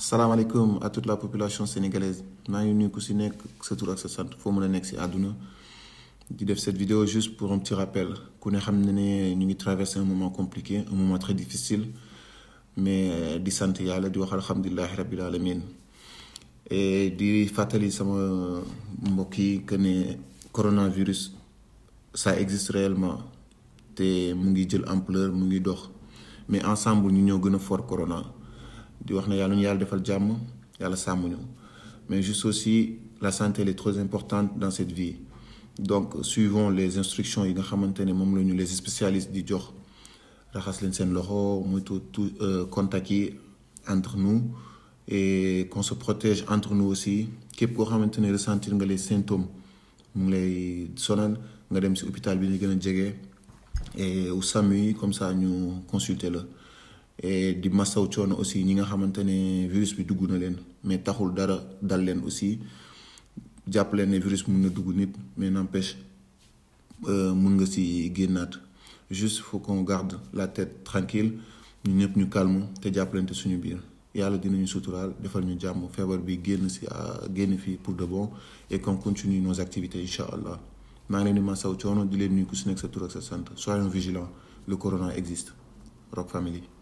salaamaaleykum à toute la population sénégalaise maa ngi nuyu ku si nekk sa tur ak sa sant foo mën a nekk si àdduna di def cette vidéo juste pour un petit rappel ku ne xam ne ne ñu ngi traverser un moment compliqué un moment très difficile mais euh, di sant yàlla di wax alhamdulilahi rabil alamin et di fàttali sama mbokk yi que ne coronavirus ça existe réellement te mu ngi jël ampleur mu ngi dox mais ensemble ñu ñoo gën a fort corona di wax na yàlla ñu yàlla defal jàmm yàlla sàmmuñu mais juste aussi la santé elle est trop importante dans cette vie donc suivons les instructions yi nga xamante ne moom la ñu les spécialistes di jox raxas leen seen loxo muy tout euh, contact yi entre nous et qu'on se protège entre nous aussi képp koo xamante ne ressentir nga les symptômes mu ngi lay sonal nga dem si hôpital bi ñu gën a jege et au SAMU yi comme ça ñu consulter la. et di masaw coono aussi ñi nga xamante ne virus bi dugg na leen mais taxul dara dal leen aussi jàpp leen ne virus mun na dugg nit mais n'empêche euh, mun nga si génnaat juste faut qu'on garde la tête tranquille ñu ñëpp ñu calme te jàppalante suñu biir yàlla dinañu suturaal defal ñu jàmm feebar bi génn si euh, génn fii pour de bon et qu'on continue nos activités incha allah maa ngi leen di masaw coono di leen nuyu ku si nekk sa tur ak sa sant soyons vigilants le corona existe Rock Family